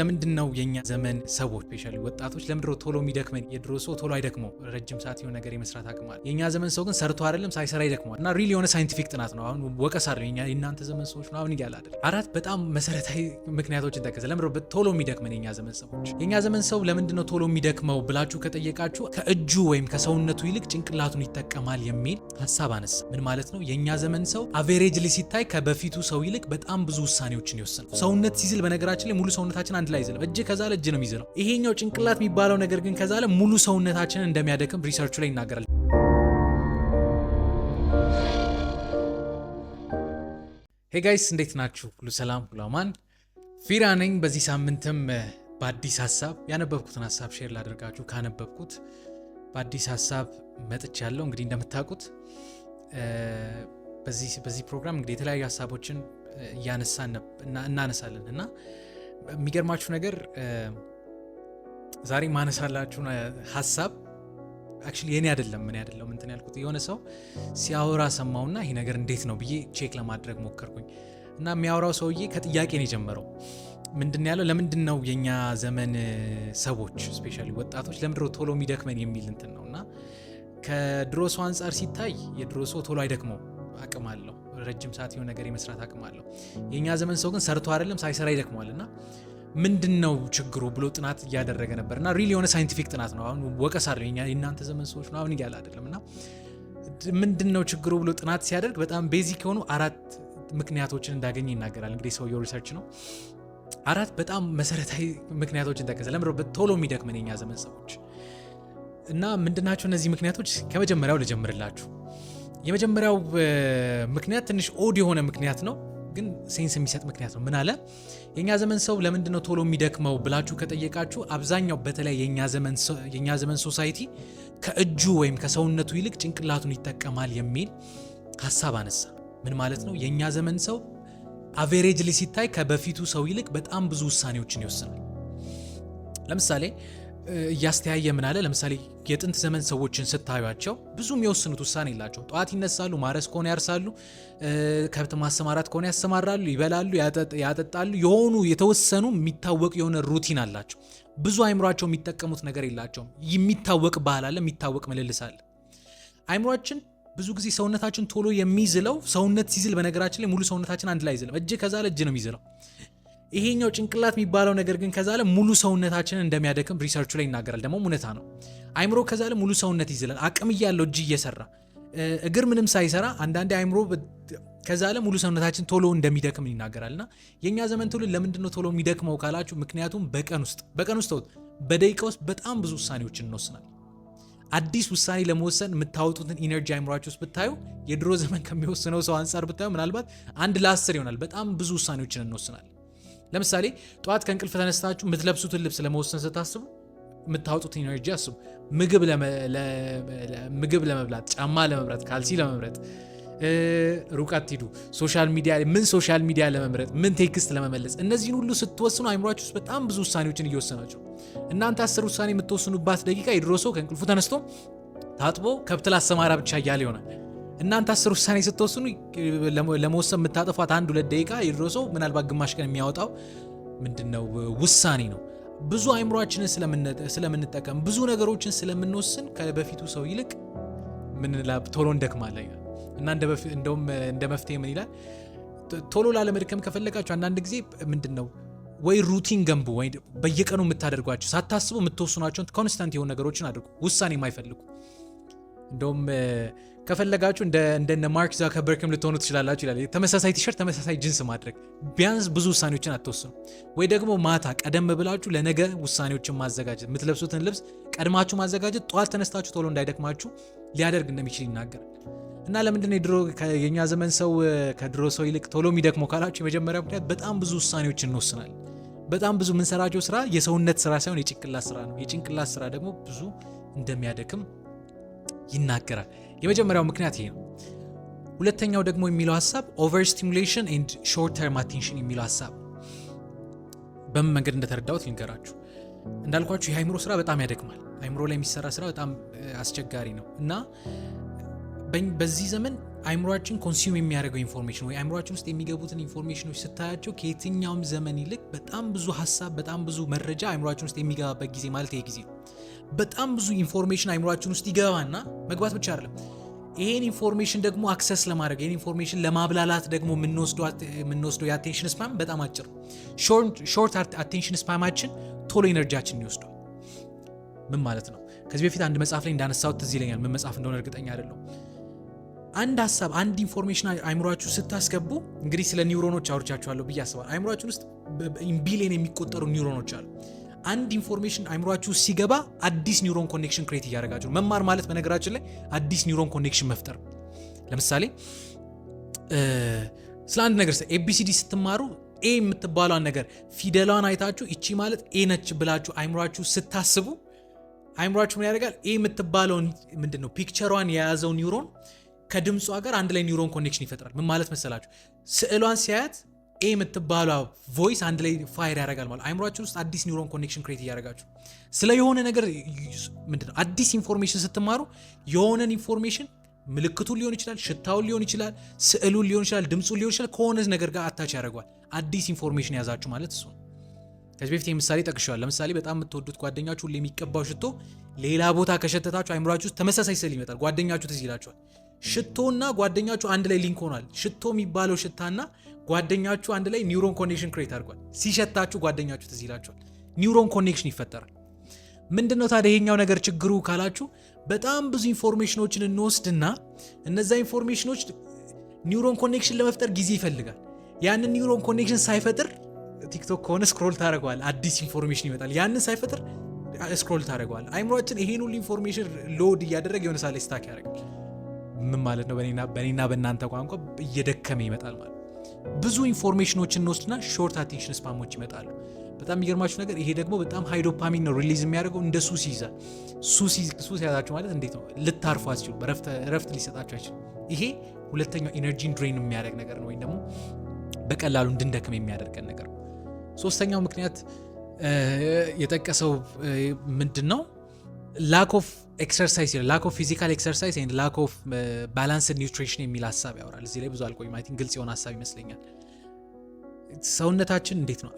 ለምንድን ነው የኛ ዘመን ሰዎች ስፔሻሊ ወጣቶች ለምድሮ ቶሎ የሚደክመን? የድሮ ሰው ቶሎ አይደክመው፣ ረጅም ሰዓት የሆነ ነገር የመስራት አቅም አለ። የኛ ዘመን ሰው ግን ሰርቶ አይደለም ሳይሰራ ይደክመዋል። እና ሪል የሆነ ሳይንቲፊክ ጥናት ነው። አሁን ወቀስ አለ የእናንተ ዘመን ሰዎች ምናምን እያለ አይደል። አራት በጣም መሰረታዊ ምክንያቶችን ጠቀሰ። ለምድሮ ቶሎ የሚደክመን የኛ ዘመን ሰዎች የእኛ ዘመን ሰው ለምንድን ነው ቶሎ የሚደክመው ብላችሁ ከጠየቃችሁ ከእጁ ወይም ከሰውነቱ ይልቅ ጭንቅላቱን ይጠቀማል የሚል ሀሳብ አነሳ። ምን ማለት ነው? የእኛ ዘመን ሰው አቬሬጅ ሲታይ ከበፊቱ ሰው ይልቅ በጣም ብዙ ውሳኔዎችን ይወስናል። ሰውነት ሲዝል በነገራችን ላይ ሙሉ ሰውነታችን አንድ ላይ አይዝልም። እጅ ከዛለ እጅ ነው የሚዝለው። ይሄኛው ጭንቅላት የሚባለው ነገር ግን ከዛለ ሙሉ ሰውነታችንን እንደሚያደክም ሪሰርቹ ላይ ይናገራል። ሄ ጋይስ እንዴት ናችሁ? ሁሉ ሰላም፣ ሁሉ አማን። ፊራ ነኝ። በዚህ ሳምንትም በአዲስ ሀሳብ ያነበብኩትን ሀሳብ ሼር ላደርጋችሁ ካነበብኩት በአዲስ ሀሳብ መጥቻ ያለው እንግዲህ እንደምታውቁት በዚህ ፕሮግራም እንግዲህ የተለያዩ ሀሳቦችን እያነሳ እናነሳለን እና የሚገርማችሁ ነገር ዛሬ ማነሳላችሁን ሀሳብ አክቹሊ የኔ አይደለም ምን አይደለም እንትን ያልኩት የሆነ ሰው ሲያወራ ሰማውና ይሄ ነገር እንዴት ነው ብዬ ቼክ ለማድረግ ሞከርኩኝ እና የሚያወራው ሰውዬ ከጥያቄ ነው የጀመረው። ምንድን ያለው ለምንድን ነው የእኛ ዘመን ሰዎች ስፔሻሊ ወጣቶች ለምድሮ ቶሎ የሚደክመን የሚል እንትን ነው እና ከድሮ ሰው አንጻር ሲታይ የድሮ ሰው ቶሎ አይደክመው አቅም አለው ረጅም ሰዓት የሆነ ነገር የመስራት አቅም አለው። የእኛ ዘመን ሰው ግን ሰርቶ አይደለም ሳይሰራ ይደክሟል። እና ምንድን ነው ችግሩ ብሎ ጥናት እያደረገ ነበር። እና ሪል የሆነ ሳይንቲፊክ ጥናት ነው። አሁን ወቀስ አለ የእናንተ ዘመን ሰዎች ምናምን እያለ አይደለም። እና ምንድን ነው ችግሩ ብሎ ጥናት ሲያደርግ በጣም ቤዚክ የሆኑ አራት ምክንያቶችን እንዳገኘ ይናገራል። እንግዲህ ሰውየው ሪሰርች ነው። አራት በጣም መሰረታዊ ምክንያቶችን ጠቀሰ። ለምድ ቶሎ የሚደክመን የኛ ዘመን ሰዎች እና ምንድናቸው እነዚህ ምክንያቶች? ከመጀመሪያው ልጀምርላችሁ። የመጀመሪያው ምክንያት ትንሽ ኦድ የሆነ ምክንያት ነው፣ ግን ሴንስ የሚሰጥ ምክንያት ነው። ምን አለ የእኛ ዘመን ሰው ለምንድን ነው ቶሎ የሚደክመው ብላችሁ ከጠየቃችሁ አብዛኛው በተለይ የእኛ ዘመን ሶሳይቲ ከእጁ ወይም ከሰውነቱ ይልቅ ጭንቅላቱን ይጠቀማል የሚል ሀሳብ አነሳ። ምን ማለት ነው? የእኛ ዘመን ሰው አቬሬጅሊ ሲታይ ከበፊቱ ሰው ይልቅ በጣም ብዙ ውሳኔዎችን ይወስናል። ለምሳሌ እያስተያየ ምን አለ ለምሳሌ የጥንት ዘመን ሰዎችን ስታዩቸው ብዙ የሚወስኑት ውሳኔ የላቸው። ጠዋት ይነሳሉ፣ ማረስ ከሆነ ያርሳሉ፣ ከብት ማሰማራት ከሆነ ያሰማራሉ፣ ይበላሉ፣ ያጠጣሉ። የሆኑ የተወሰኑ የሚታወቅ የሆነ ሩቲን አላቸው። ብዙ አይምሯቸው የሚጠቀሙት ነገር የላቸውም። የሚታወቅ ባህል አለ፣ የሚታወቅ ምልልስ አለ። አይምሯችን ብዙ ጊዜ ሰውነታችን ቶሎ የሚዝለው ሰውነት ሲዝል፣ በነገራችን ላይ ሙሉ ሰውነታችን አንድ ላይ አይዝልም። እጅ ከዛለ እጅ ነው የሚዝለው ይሄኛው ጭንቅላት የሚባለው ነገር ግን ከዛለ ሙሉ ሰውነታችንን እንደሚያደክም ሪሰርቹ ላይ ይናገራል። ደግሞ እውነታ ነው። አይምሮ ከዛለ ሙሉ ሰውነት ይዝላል። አቅም እያለው እጅ እየሰራ እግር ምንም ሳይሰራ አንዳንዴ አይምሮ ከዛለ ሙሉ ሰውነታችን ቶሎ እንደሚደክም ይናገራል። እና የእኛ ዘመን ትውልድ ለምንድነው ቶሎ የሚደክመው ካላችሁ፣ ምክንያቱም በቀን ውስጥ በቀን ውስጥ በደቂቃ ውስጥ በጣም ብዙ ውሳኔዎች እንወስናል። አዲስ ውሳኔ ለመወሰን የምታወጡትን ኢነርጂ አይምሯችሁ ውስጥ ብታዩ የድሮ ዘመን ከሚወስነው ሰው አንጻር ብታዩ ምናልባት አንድ ለአስር ይሆናል። በጣም ብዙ ውሳኔዎችን እንወስናል። ለምሳሌ ጠዋት ከእንቅልፍ ተነስታችሁ የምትለብሱትን ልብስ ለመወሰን ስታስቡ የምታወጡት ኢነርጂ አስቡ። ምግብ ለመብላት፣ ጫማ ለመምረጥ፣ ካልሲ ለመምረጥ ሩቀት ሂዱ፣ ሶሻል ሚዲያ ምን ሶሻል ሚዲያ ለመምረጥ ምን ቴክስት ለመመለስ እነዚህን ሁሉ ስትወስኑ አይምሯችሁ ውስጥ በጣም ብዙ ውሳኔዎችን እየወሰናቸው እናንተ አስር ውሳኔ የምትወስኑባት ደቂቃ የድሮ ሰው ከእንቅልፉ ተነስቶ ታጥቦ ከብት ላሰማራ ብቻ እያለ ይሆናል። እናንተ አስር ውሳኔ ስትወስኑ ለመወሰን የምታጠፏት አንድ ሁለት ደቂቃ የድሮ ሰው ምናልባት ግማሽ ቀን የሚያወጣው ምንድነው ውሳኔ ነው። ብዙ አይምሯችንን ስለምንጠቀም ብዙ ነገሮችን ስለምንወስን ከበፊቱ ሰው ይልቅ ቶሎ እንደክማለን እና እንደውም እንደ መፍትሄ ምን ይላል ቶሎ ላለመድከም ከፈለጋችሁ አንዳንድ ጊዜ ምንድን ነው ወይ ሩቲን ገንቡ፣ ወይ በየቀኑ የምታደርጓቸው ሳታስቡ የምትወስኗቸውን ኮንስታንት የሆኑ ነገሮችን አድርጉ። ውሳኔ የማይፈልጉ እንደውም ከፈለጋችሁ እንደነ ማርክ ዛከበርክም ልትሆኑ ትችላላችሁ ይላል። ተመሳሳይ ቲሸርት፣ ተመሳሳይ ጅንስ ማድረግ ቢያንስ ብዙ ውሳኔዎችን አትወስኑ። ወይ ደግሞ ማታ ቀደም ብላችሁ ለነገ ውሳኔዎችን ማዘጋጀት፣ የምትለብሱትን ልብስ ቀድማችሁ ማዘጋጀት ጠዋት ተነስታችሁ ቶሎ እንዳይደክማችሁ ሊያደርግ እንደሚችል ይናገራል። እና ለምንድን ነው የድሮ የእኛ ዘመን ሰው ከድሮ ሰው ይልቅ ቶሎ የሚደክመው ካላችሁ የመጀመሪያ ምክንያት በጣም ብዙ ውሳኔዎች እንወስናል። በጣም ብዙ የምንሰራቸው ስራ የሰውነት ስራ ሳይሆን የጭንቅላት ስራ ነው። የጭንቅላት ስራ ደግሞ ብዙ እንደሚያደክም ይናገራል። የመጀመሪያው ምክንያት ይሄ ነው። ሁለተኛው ደግሞ የሚለው ሀሳብ ኦቨር ስቲሙሌሽን ኤንድ ሾርት ተርም አቴንሽን የሚለው ሀሳብ በምን መንገድ እንደተረዳሁት ልንገራችሁ። እንዳልኳችሁ የአይምሮ ስራ በጣም ያደክማል። አይምሮ ላይ የሚሰራ ስራ በጣም አስቸጋሪ ነው እና በዚህ ዘመን አይምሯችን ኮንሱም የሚያደርገው ኢንፎርሜሽን ወይ አይምሯችን ውስጥ የሚገቡትን ኢንፎርሜሽኖች ስታያቸው ከየትኛውም ዘመን ይልቅ በጣም ብዙ ሀሳብ፣ በጣም ብዙ መረጃ አይምሯችን ውስጥ የሚገባበት ጊዜ ማለት ይሄ ጊዜ ነው። በጣም ብዙ ኢንፎርሜሽን አይምሯችን ውስጥ ይገባና መግባት ብቻ አይደለም ይሄን ኢንፎርሜሽን ደግሞ አክሰስ ለማድረግ ይሄን ኢንፎርሜሽን ለማብላላት ደግሞ የምንወስደው የአቴንሽን ስፓም በጣም አጭር ሾርት አቴንሽን ስፓማችን ቶሎ ኤነርጂያችን ይወስዷል። ምን ማለት ነው? ከዚህ በፊት አንድ መጽሐፍ ላይ እንዳነሳሁት ትዝ ይለኛል፣ ምን መጽሐፍ እንደሆነ እርግጠኛ አይደለሁም። አንድ ሀሳብ አንድ ኢንፎርሜሽን አይምሯችሁ ስታስገቡ እንግዲህ ስለ ኒውሮኖች አውርቻችኋለሁ ብዬ አስባለሁ። አይምሯችሁን ውስጥ ቢሊየን የሚቆጠሩ ኒውሮኖች አሉ። አንድ ኢንፎርሜሽን አይምሯችሁ ሲገባ አዲስ ኒውሮን ኮኔክሽን ክሬት እያደረጋችሁ ነው። መማር ማለት በነገራችን ላይ አዲስ ኒውሮን ኮኔክሽን መፍጠር። ለምሳሌ ስለ አንድ ነገር ኤቢሲዲ ስትማሩ ኤ የምትባሏን ነገር ፊደሏን አይታችሁ እቺ ማለት ኤ ነች ብላችሁ አይምሯችሁ ስታስቡ አይምሯችሁ ምን ያደርጋል? ኤ የምትባለውን ምንድን ነው ፒክቸሯን የያዘው ኒውሮን ከድምጿ ጋር አንድ ላይ ኒውሮን ኮኔክሽን ይፈጥራል። ምን ማለት መሰላችሁ? ስዕሏን ሲያያት ኤ የምትባሏ ቮይስ አንድ ላይ ፋይር ያደርጋል። ማለት አይምሯችን ውስጥ አዲስ ኒውሮን ኮኔክሽን ክሬት እያደረጋችሁ ስለ የሆነ ነገር ምንድነው አዲስ ኢንፎርሜሽን ስትማሩ የሆነን ኢንፎርሜሽን ምልክቱ ሊሆን ይችላል፣ ሽታውን ሊሆን ይችላል፣ ስዕሉን ሊሆን ይችላል፣ ድምፁን ሊሆን ይችላል። ከሆነ ነገር ጋር አታች ያደርጓል። አዲስ ኢንፎርሜሽን ያዛችሁ ማለት እሱ። ከዚህ በፊት ምሳሌ ጠቅሸዋል። ለምሳሌ በጣም የምትወዱት ጓደኛችሁ የሚቀባው ሽቶ ሌላ ቦታ ከሸተታችሁ አይምሯችሁ ተመሳሳይ ስዕል ይመጣል። ጓደኛችሁ ትዝ ይላችኋል። ሽቶና ጓደኛችሁ አንድ ላይ ሊንክ ሆኗል። ሽቶ የሚባለው ሽታና ጓደኛችሁ አንድ ላይ ኒውሮን ኮኔክሽን ክሬት አድርጓል። ሲሸታችሁ ጓደኛችሁ ትዝ ይላችኋል። ኒውሮን ኮኔክሽን ይፈጠራል። ምንድነው ታዲያ ይሄኛው ነገር ችግሩ ካላችሁ በጣም ብዙ ኢንፎርሜሽኖችን እንወስድና እነዛ ኢንፎርሜሽኖች ኒውሮን ኮኔክሽን ለመፍጠር ጊዜ ይፈልጋል። ያንን ኒውሮን ኮኔክሽን ሳይፈጥር ቲክቶክ ከሆነ ስክሮል ታደርገዋል፣ አዲስ ኢንፎርሜሽን ይመጣል። ያንን ሳይፈጥር ስክሮል ታደርገዋል። አይምሯችን ይሄን ሁሉ ኢንፎርሜሽን ሎድ እያደረገ የሆነ ሳለ ስታክ ያደርጋል። ምን ማለት ነው? በእኔና በእናንተ ቋንቋ እየደከመ ይመጣል ማለት ብዙ ኢንፎርሜሽኖች እንወስድና ሾርት አቴንሽን ስፓሞች ይመጣሉ። በጣም የሚገርማችሁ ነገር ይሄ ደግሞ በጣም ሃይዶፓሚን ነው ሪሊዝ የሚያደርገው እንደ ሱስ ይይዛል። ሱስ ያዛችሁ ማለት እንዴት ነው? ልታርፉ አትችሉ። እረፍት ሊሰጣችሁ አይችልም። ይሄ ሁለተኛው ኢነርጂን ድሬን የሚያደርግ ነገር ነው፣ ወይም ደግሞ በቀላሉ እንድንደክም የሚያደርገን ነገር ነው። ሶስተኛው ምክንያት የጠቀሰው ምንድን ነው ላክ ኦፍ ኤክሰርሳይዝ ይላል። ላክ ኦፍ ፊዚካል ኤክሰርሳይዝ ኤንድ ላክ ኦፍ ባላንስ ኒውትሪሽን የሚል ሀሳብ ያወራል። እዚህ ላይ ብዙ አልቆይ ማለት ግልጽ የሆነ ሀሳብ ይመስለኛል። ሰውነታችን እንዴት ነው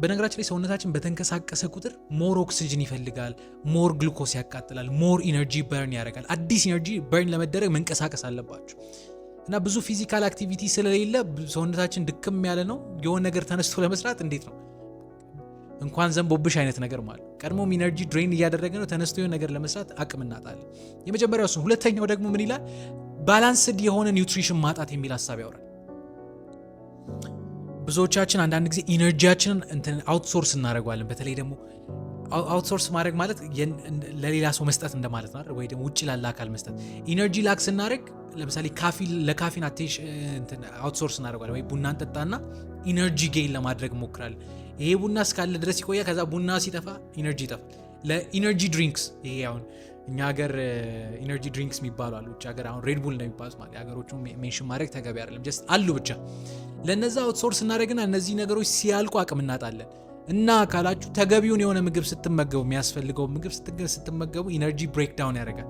በነገራችን ላይ ሰውነታችን በተንቀሳቀሰ ቁጥር ሞር ኦክስጅን ይፈልጋል፣ ሞር ግሉኮስ ያቃጥላል፣ ሞር ኢነርጂ በርን ያደርጋል። አዲስ ኢነርጂ በርን ለመደረግ መንቀሳቀስ አለባቸሁ እና ብዙ ፊዚካል አክቲቪቲ ስለሌለ ሰውነታችን ድክም ያለ ነው። የሆነ ነገር ተነስቶ ለመስራት እንዴት ነው እንኳን ዘንቦብሽ አይነት ነገር ማለት ቀድሞም ኢነርጂ ድሬን እያደረገ ነው። ተነስቶ የሆነ ነገር ለመስራት አቅም እናጣለን። የመጀመሪያው እሱ። ሁለተኛው ደግሞ ምን ይላል? ባላንስድ የሆነ ኒውትሪሽን ማጣት የሚል ሀሳብ ያወራል። ብዙዎቻችን አንዳንድ ጊዜ ኢነርጂያችንን አውትሶርስ እናደርገዋለን። በተለይ ደግሞ አውትሶርስ ማድረግ ማለት ለሌላ ሰው መስጠት እንደማለት ነው ወይ ደግሞ ውጭ ላለ አካል መስጠት። ኢነርጂ ላክ ስናደርግ ለምሳሌ ለካፊን አውትሶርስ እናደርጓል ወይ ቡና እንጠጣና ኢነርጂ ጌን ለማድረግ ሞክራል ይሄ ቡና እስካለ ድረስ ይቆያ፣ ከዛ ቡና ሲጠፋ ኢነርጂ ይጠፋል። ለኢነርጂ ድሪንክስ ይሄ አሁን እኛ ሀገር ኢነርጂ ድሪንክስ የሚባሉ አሉ። ውጭ ሀገር አሁን ሬድቡል ነው የሚባሉት ማለት ሀገሮቹ ሜንሽን ማድረግ ተገቢ አይደለም። ጀስት አሉ ብቻ ለነዛ አውትሶርስ እናደረግና እነዚህ ነገሮች ሲያልቁ አቅም እናጣለን። እና ካላችሁ ተገቢውን የሆነ ምግብ ስትመገቡ የሚያስፈልገው ምግብ ስትመገቡ ኢነርጂ ብሬክዳውን ያደርጋል።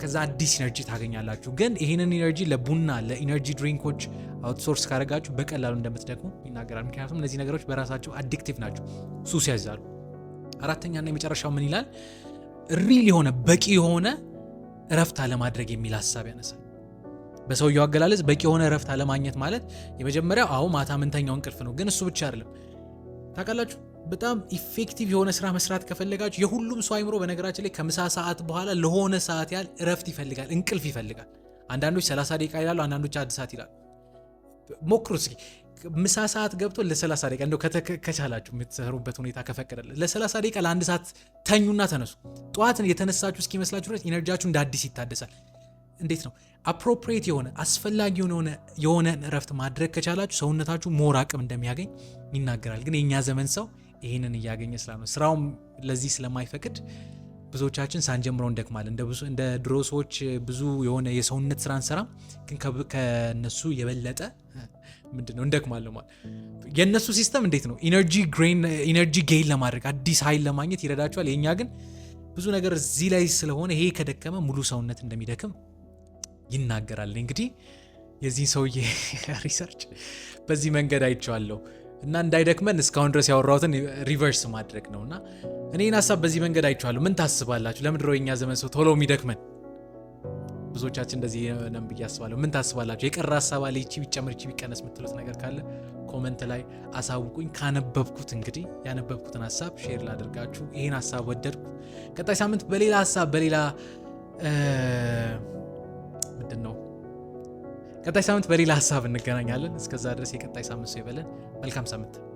ከዛ አዲስ ኢነርጂ ታገኛላችሁ። ግን ይህንን ኢነርጂ ለቡና ለኢነርጂ ድሪንኮች አውትሶርስ ካደረጋችሁ በቀላሉ እንደምትደግሙ ይናገራል። ምክንያቱም እነዚህ ነገሮች በራሳቸው አዲክቲቭ ናቸው፣ ሱስ ያዛሉ። አራተኛና የመጨረሻው ምን ይላል? ሪል የሆነ በቂ የሆነ እረፍታ ለማድረግ የሚል ሀሳብ ያነሳል። በሰውየው አገላለጽ በቂ የሆነ እረፍት ለማግኘት ማለት የመጀመሪያው አሁ ማታ ምንተኛው እንቅልፍ ነው። ግን እሱ ብቻ አይደለም ታውቃላችሁ። በጣም ኢፌክቲቭ የሆነ ስራ መስራት ከፈለጋችሁ የሁሉም ሰው አይምሮ በነገራችን ላይ ከምሳ ሰዓት በኋላ ለሆነ ሰዓት ያህል እረፍት ይፈልጋል፣ እንቅልፍ ይፈልጋል። አንዳንዶች 30 ደቂቃ ይላሉ፣ አንዳንዶች አንድ ሰዓት ይላሉ። ሞክሩ እስኪ ምሳ ሰዓት ገብቶ ለ30 ደቂቃ እንደው ከቻላችሁ የምትሰሩበት ሁኔታ ከፈቀደለ ለ30 ደቂቃ ለአንድ ሰዓት ተኙና ተነሱ። ጠዋትን የተነሳችሁ እስኪመስላችሁ ድረስ ኢነርጂያችሁ እንደ አዲስ ይታደሳል። እንዴት ነው አፕሮፕሪየት የሆነ አስፈላጊ የሆነ እረፍት ማድረግ ከቻላችሁ ሰውነታችሁ ሞር አቅም እንደሚያገኝ ይናገራል። ግን የእኛ ዘመን ሰው ይህንን እያገኘ ስላልሆነ ስራውም ለዚህ ስለማይፈቅድ ብዙዎቻችን ሳንጀምረው እንደክማል። እንደ ድሮ ሰዎች ብዙ የሆነ የሰውነት ስራ እንሰራም፣ ግን ከነሱ የበለጠ ምንድን ነው እንደክማለሁ ማለት። የእነሱ ሲስተም እንዴት ነው ኢነርጂ ጌይን ለማድረግ አዲስ ኃይል ለማግኘት ይረዳቸዋል። የእኛ ግን ብዙ ነገር እዚህ ላይ ስለሆነ ይሄ ከደከመ ሙሉ ሰውነት እንደሚደክም ይናገራል። እንግዲህ የዚህ ሰውዬ ሪሰርች በዚህ መንገድ አይቼዋለሁ እና እንዳይደክመን እስካሁን ድረስ ያወራሁትን ሪቨርስ ማድረግ ነው እና እኔን ሀሳብ በዚህ መንገድ አይቼዋለሁ። ምን ታስባላችሁ? ለምድረው የኛ ዘመን ሰው ቶሎ የሚደክመን ብዙዎቻችን እንደዚህ ነን ብዬ አስባለሁ። ምን ታስባላችሁ? የቀረ ሀሳብ አለ ይቺ ቢጨምር ይቺ ቢቀነስ የምትሉት ነገር ካለ ኮመንት ላይ አሳውቁኝ። ካነበብኩት እንግዲህ ያነበብኩትን ሀሳብ ሼር ላደርጋችሁ። ይህን ሀሳብ ወደድኩ። ቀጣይ ሳምንት በሌላ ሀሳብ በሌላ ምንድን ነው። ቀጣይ ሳምንት በሌላ ሀሳብ እንገናኛለን። እስከዛ ድረስ የቀጣይ ሳምንት ሰው ይበለን። መልካም ሳምንት